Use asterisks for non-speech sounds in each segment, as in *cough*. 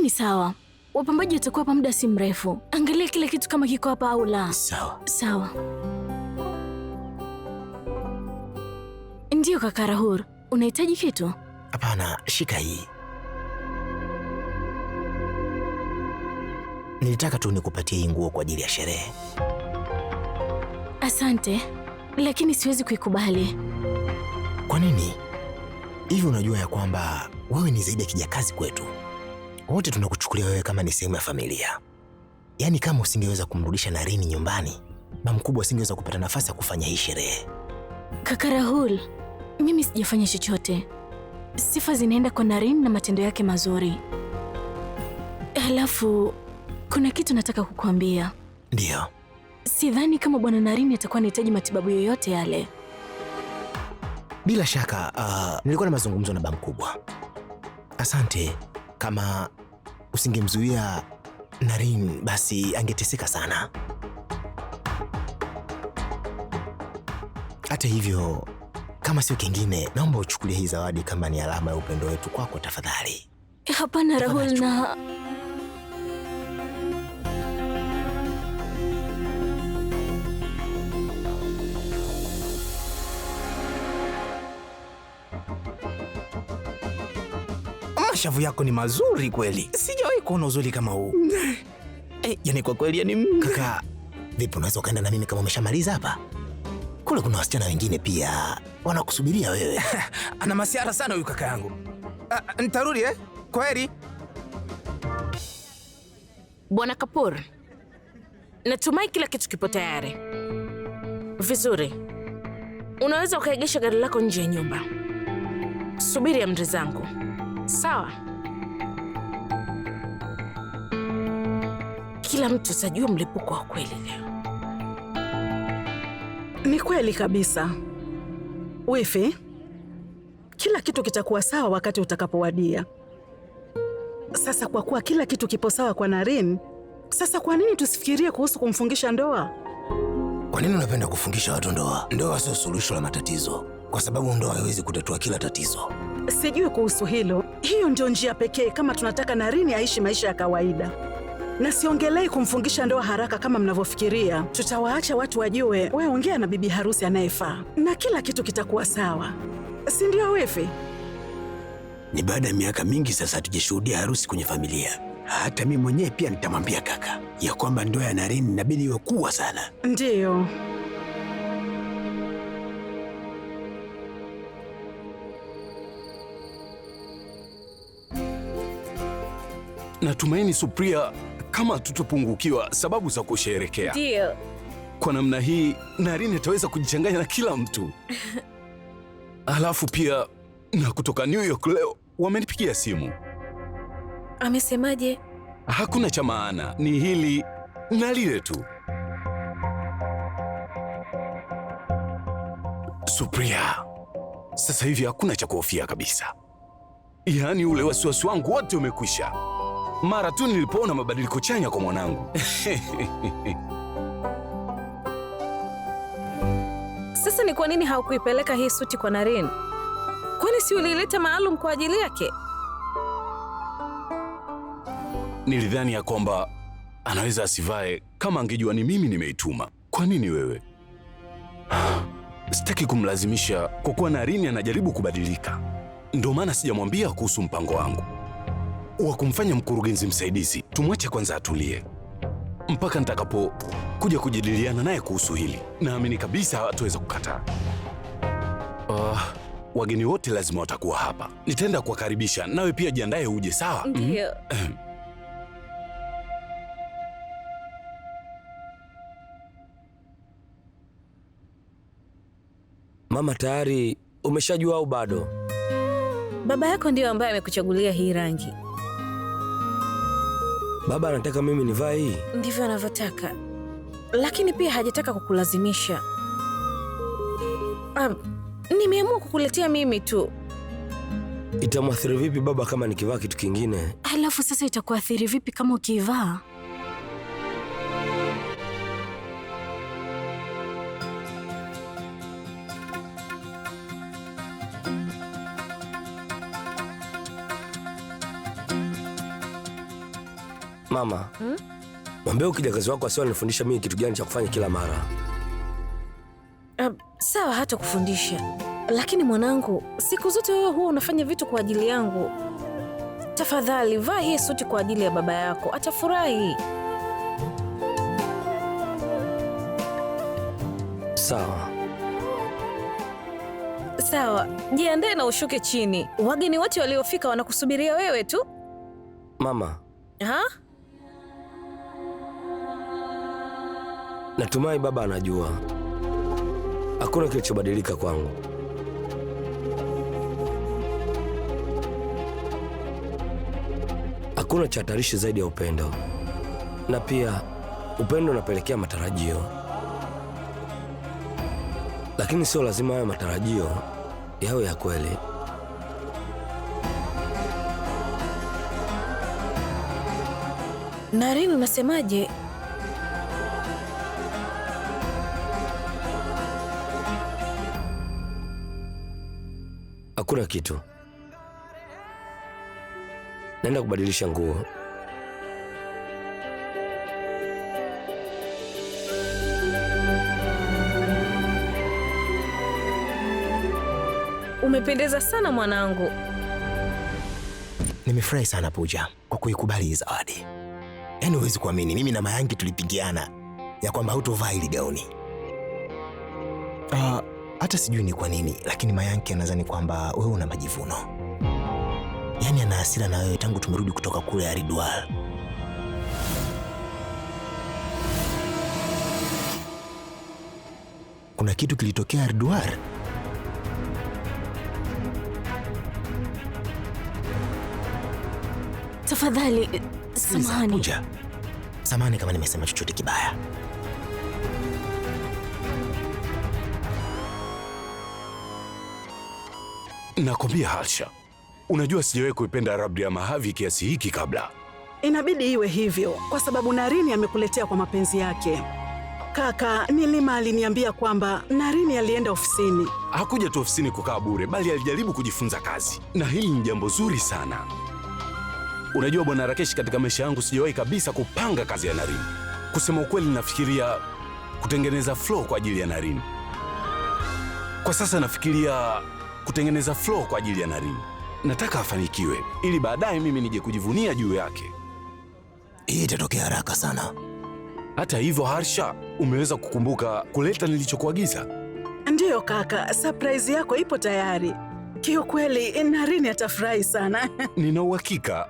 Hii ni sawa. Wapambaji watakuwa hapa muda si mrefu. Angalia kila kitu kama kiko hapa au la. Sawa. Sawa. Ndiyo kaka Rahul, unahitaji kitu? Hapana, shika hii. Nilitaka tu nikupatie hii nguo kwa ajili ya sherehe. Asante, lakini siwezi kuikubali. Kwa nini? Hivi unajua ya kwamba wewe ni zaidi ya kijakazi kwetu? wote tunakuchukulia wewe kama ni sehemu ya familia. Yaani kama usingeweza kumrudisha Naren nyumbani, ba mkubwa usingeweza kupata nafasi ya kufanya hii sherehe. Kaka Rahul, mimi sijafanya chochote. Sifa zinaenda kwa Naren na matendo yake mazuri. Halafu kuna kitu nataka kukuambia. Ndiyo. Sidhani kama bwana Naren atakuwa anahitaji matibabu yoyote yale. Bila shaka, uh, nilikuwa na mazungumzo na ba mkubwa. Asante kama usingemzuia Naren, basi angeteseka sana. Hata hivyo, kama sio kingine, naomba uchukulie hii zawadi kama ni alama ya upendo wetu kwako, tafadhali. Hapana Rahul, na mashavu yako ni mazuri kweli, sijawahi kuona uzuri kama huu. *laughs* Eh, yani kwa kweli yani mm. kaka, vipi unaweza ukaenda na mimi kama umeshamaliza hapa? Kule kuna wasichana wengine pia wanakusubiria wewe. *laughs* Ana masiara sana huyu kaka yangu. Ah, nitarudi eh? Kwaheri. Bwana Kapoor, natumai kila kitu kipo tayari vizuri. Unaweza ukaegesha gari lako nje ya nyumba, subiri amri zangu. Sawa, kila mtu sajua mlipuko wa kweli leo. Ni kweli kabisa, Wifi. Kila kitu kitakuwa sawa wakati utakapowadia. Sasa kwa kuwa kila kitu kipo sawa kwa Naren, sasa kwa nini tusifikirie kuhusu kumfungisha ndoa? Kwa nini unapenda kufungisha watu ndoa? Ndoa sio suluhisho la matatizo, kwa sababu ndoa haiwezi kutatua kila tatizo. Sijui kuhusu hilo. Hiyo ndio njia pekee kama tunataka narini aishi maisha ya kawaida, na siongelei kumfungisha ndoa haraka kama mnavyofikiria. Tutawaacha watu wajue. Wewe ongea na bibi harusi anayefaa na kila kitu kitakuwa sawa, si ndio Wefi? Ni baada ya miaka mingi sasa tujishuhudia harusi kwenye familia. Hata mi mwenyewe pia nitamwambia kaka ya kwamba ndoa ya Naren inabidi iwe kubwa sana, ndiyo. Natumaini Supriya, kama tutopungukiwa sababu za kusherekea. Ndio. Kwa namna hii Naren ataweza kujichanganya na kila mtu. *laughs* Alafu pia na kutoka New York leo wamenipigia simu. Amesemaje? Hakuna cha maana, ni hili na lile tu. Supriya, sasa hivi hakuna cha kuhofia kabisa. Yaani ule wasiwasi wangu wote umekwisha mara tu nilipoona mabadiliko chanya kwa mwanangu. *laughs* Sasa ni kwa nini haukuipeleka hii suti kwa Naren? Kwani si ulileta maalum kwa ajili yake? Nilidhani ya kwamba anaweza asivae kama angejua ni mimi nimeituma. Kwa nini wewe? *sighs* Sitaki kumlazimisha kwa kuwa Naren anajaribu kubadilika. Ndio maana sijamwambia kuhusu mpango wangu wa kumfanya mkurugenzi msaidizi. Tumwache kwanza atulie mpaka nitakapokuja kujadiliana naye kuhusu hili. Naamini kabisa hatuweza kukataa. Uh, wageni wote lazima watakuwa hapa. Nitaenda kuwakaribisha, nawe pia jiandaye uje, sawa? Mhm. Mama, tayari umeshajua au bado? Baba yako ndiyo ambaye amekuchagulia hii rangi. Baba anataka mimi nivae hii, ndivyo anavyotaka, lakini pia hajataka kukulazimisha. Um, nimeamua kukuletea mimi tu. Itamwathiri vipi baba kama nikivaa kitu kingine? Alafu sasa itakuathiri vipi kama ukiivaa? mama, hmm? Mwambie kazi wako asiwa nifundisha mimi kitu gani cha kufanya kila mara. Uh, sawa hata kufundisha, lakini mwanangu, siku zote wewe huwa unafanya vitu kwa ajili yangu. Tafadhali vaa hii suti kwa ajili ya baba yako, atafurahi. Sawa sawa, jiandae na ushuke chini. Wageni wote waliofika wanakusubiria wewe tu mama. Ha? Natumai baba anajua hakuna kilichobadilika kwangu. Hakuna cha hatarishi zaidi ya upendo, na pia upendo unapelekea matarajio, lakini sio lazima hayo matarajio yawe ya kweli. Naren, unasemaje? Hakuna kitu. Naenda kubadilisha nguo. Umependeza sana mwanangu. Nimefurahi sana Puja kwa kuikubali hii zawadi. Yaani huwezi kuamini, mimi na Mayangi tulipigiana ya kwamba hutovaa ile gauni. Ah, hata sijui ni kwa nini, lakini Mayanki anadhani kwamba wewe una majivuno, yaani ana hasira na wewe tangu tumerudi kutoka kule Haridwar. Kuna kitu kilitokea Haridwar. Tafadhali samahani, samahani kama nimesema chochote kibaya. Nakwambia Halsha, unajua sijawahi kuipenda Rabdi ya Mahavi kiasi hiki kabla. Inabidi iwe hivyo kwa sababu Narini amekuletea kwa mapenzi yake. Kaka Nilima aliniambia kwamba Narini alienda ofisini. Hakuja tu ofisini kukaa bure, bali alijaribu kujifunza kazi, na hili ni jambo zuri sana. Unajua bwana Rakesh, katika maisha yangu sijawahi kabisa kupanga kazi ya Narini. Kusema ukweli, nafikiria kutengeneza flow kwa ajili ya Narini. Kwa sasa nafikiria kutengeneza flow kwa ajili ya Naren. Nataka afanikiwe ili baadaye mimi nije kujivunia juu yake. Hii itatokea haraka sana. Hata hivyo, Harsha, umeweza kukumbuka kuleta nilichokuagiza? Ndiyo kaka, surprise yako ipo tayari. Kiukweli Naren atafurahi sana. *laughs* Nina uhakika.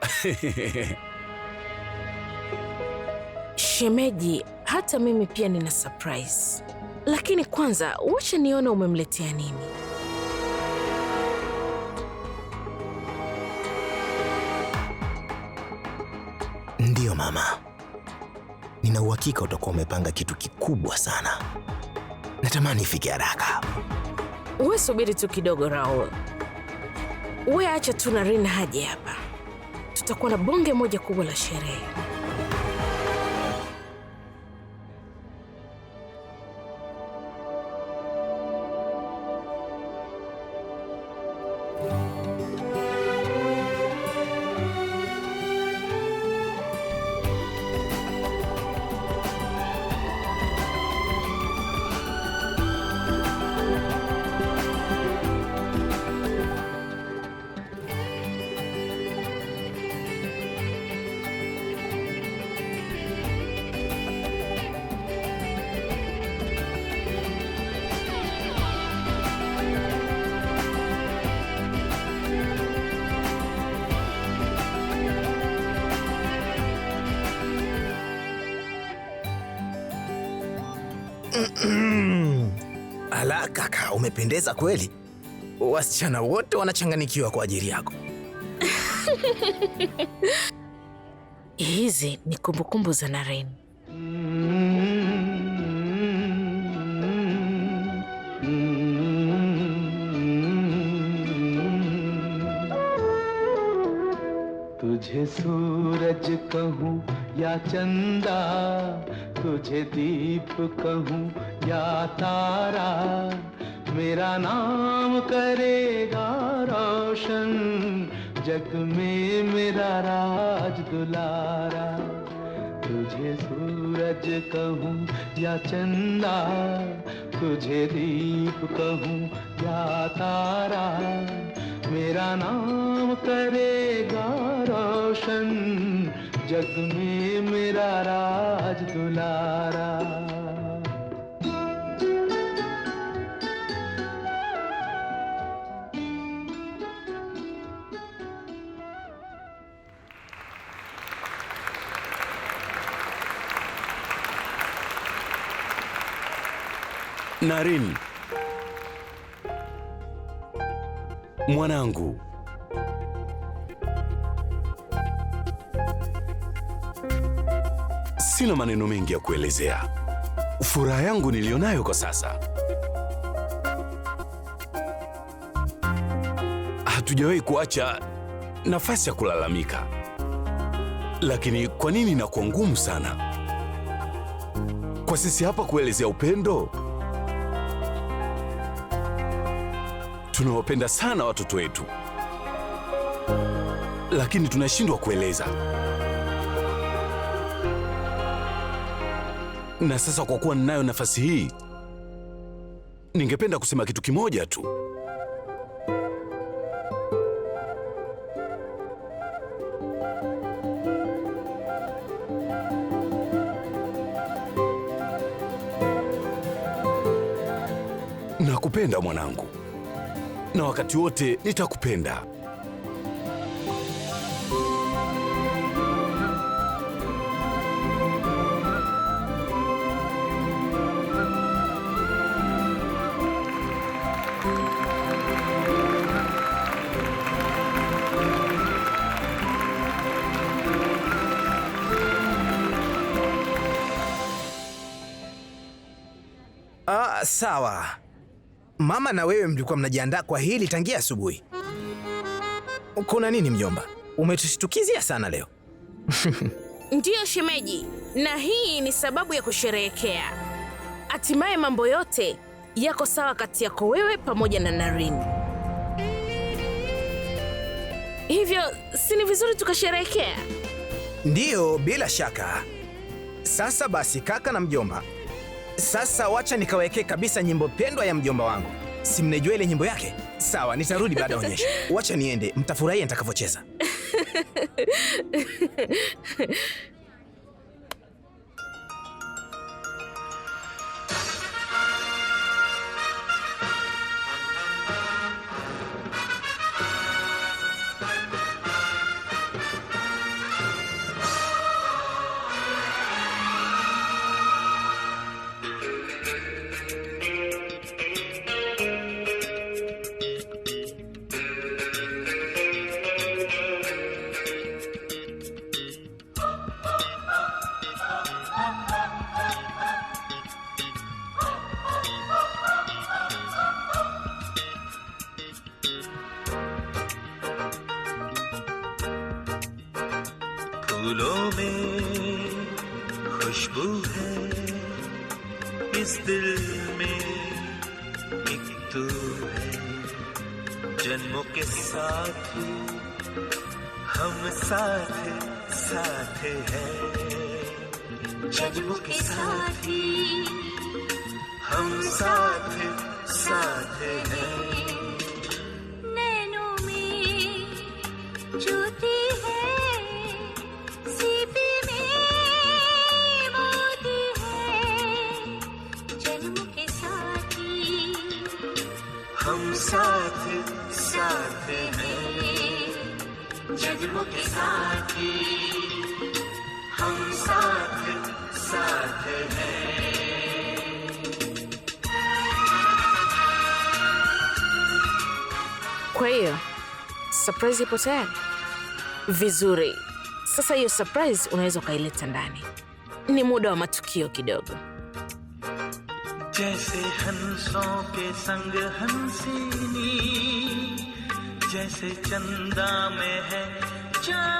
*laughs* Shemeji, hata mimi pia nina surprise, lakini kwanza wacha nione umemletea nini. mama, nina uhakika utakuwa umepanga kitu kikubwa sana. Natamani ifike haraka. Uwe subiri tu kidogo Raul, uwe acha tu rin haje hapa, tutakuwa na bonge moja kubwa la sherehe. la, kaka, umependeza kweli. Wasichana wote wanachanganikiwa kwa ajili yako. *laughs* Hizi ni kumbukumbu za Naren. तुझे सूरज कहूँ ya chanda तुझे दीप कहूँ या तारा मेरा नाम करेगा रोशन जग में मेरा राज दुलारा तुझे सूरज कहूँ या चंदा तुझे दीप कहूँ या तारा मेरा नाम करेगा रोशन जग में मेरा राज दुलारा नारिन मनांगू Sina maneno mengi ya kuelezea furaha yangu niliyonayo kwa sasa. Hatujawahi kuacha nafasi ya kulalamika, lakini kwa nini inakuwa ngumu sana kwa sisi hapa kuelezea upendo? Tunawapenda sana watoto wetu, lakini tunashindwa kueleza Na sasa kwa kuwa ninayo nafasi hii, ningependa kusema kitu kimoja tu. Nakupenda mwanangu, na wakati wote nitakupenda. Ah, sawa. Mama na wewe mlikuwa mnajiandaa kwa hili tangia asubuhi. Kuna nini mjomba? Umetushtukizia sana leo. *laughs* Ndiyo shemeji, na hii ni sababu ya kusherehekea. Hatimaye mambo yote yako sawa kati yako wewe pamoja na Naren, hivyo si ni vizuri tukasherehekea? Ndiyo, bila shaka. Sasa basi, kaka na mjomba sasa wacha nikawekee kabisa nyimbo pendwa ya mjomba wangu. Si mnajua ile nyimbo yake? Sawa, nitarudi baada ya onyesho. *laughs* Wacha niende, mtafurahia nitakavyocheza. *laughs* फूलों में खुशबू है इस दिल में एक तू है जन्मों के साथ हम साथ साथ है जन्मों के साथ हम साथ साथ है हम साथ साथ हैं जन्मों के साथी हम साथ साथ हैं Kwa hiyo surprise ipo tayari vizuri. Sasa hiyo surprise unaweza ukaileta ndani, ni muda wa matukio kidogo. जैसे हंसों के संग हंसिनी जैसे चंदा में है चांद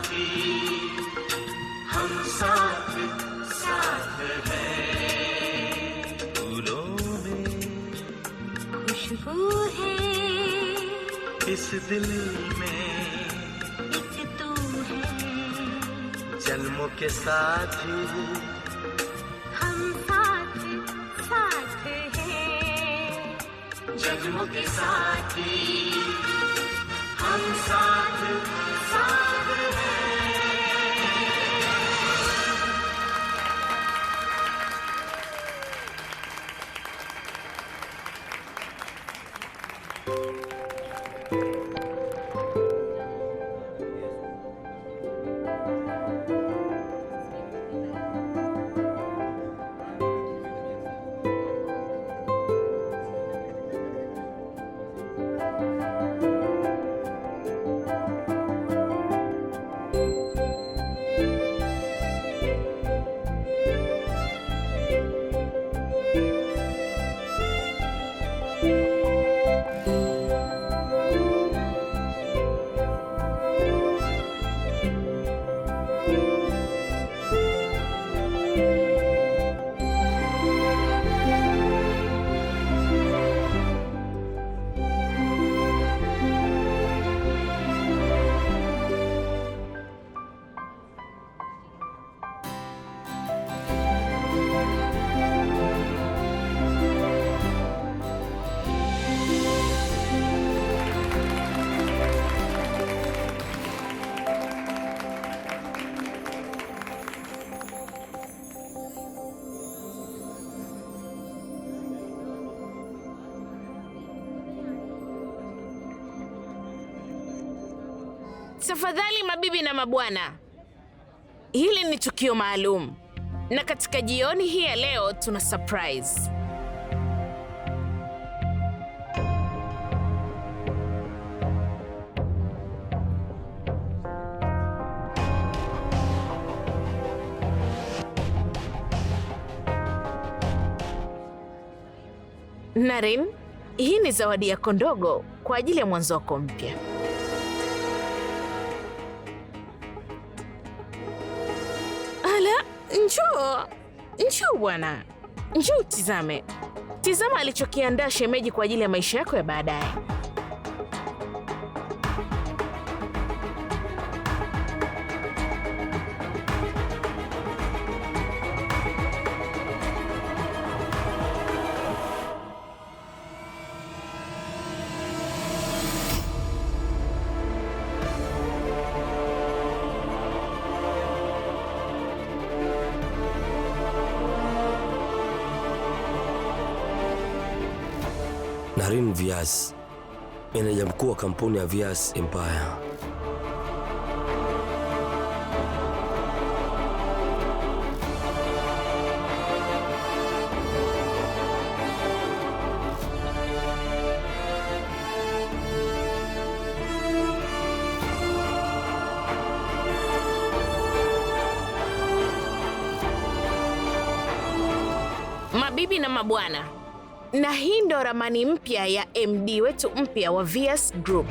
इस दिल में एक तू है जन्मों के साथ हम साथ साथ हैं जन्मों के साथ हम साथ साथ हैं Tafadhali mabibi na mabwana, hili ni tukio maalum, na katika jioni hii ya leo tuna surprise. Naren, hii ni zawadi yako ndogo kwa ajili ya mwanzo wako mpya. bwana, njoo utizame, tizama alichokiandaa shemeji kwa ajili ya maisha yako ya baadaye. Karim Vias, meneja mkuu wa kampuni ya vias Empire. Mabibi na mabwana na hii ndo ramani mpya ya MD wetu mpya wa VS Group.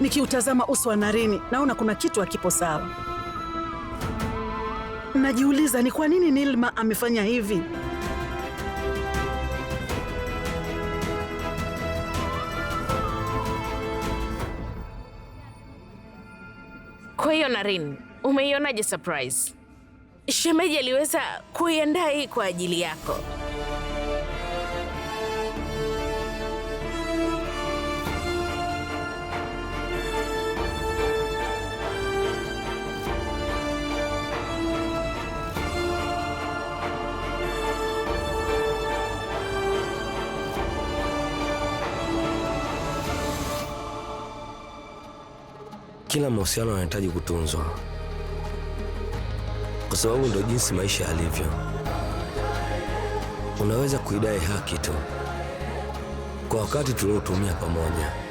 Nikiutazama uso wa narini naona kuna kitu hakipo sawa. Najiuliza ni kwa nini Nilma amefanya hivi. Kwa hiyo narin umeionaje surprise? Shemeji aliweza kuiandaa hii kwa ajili yako? Kila mahusiano yanahitaji kutunzwa, kwa sababu ndio jinsi maisha yalivyo. Unaweza kuidai haki tu kwa wakati tuliotumia pamoja.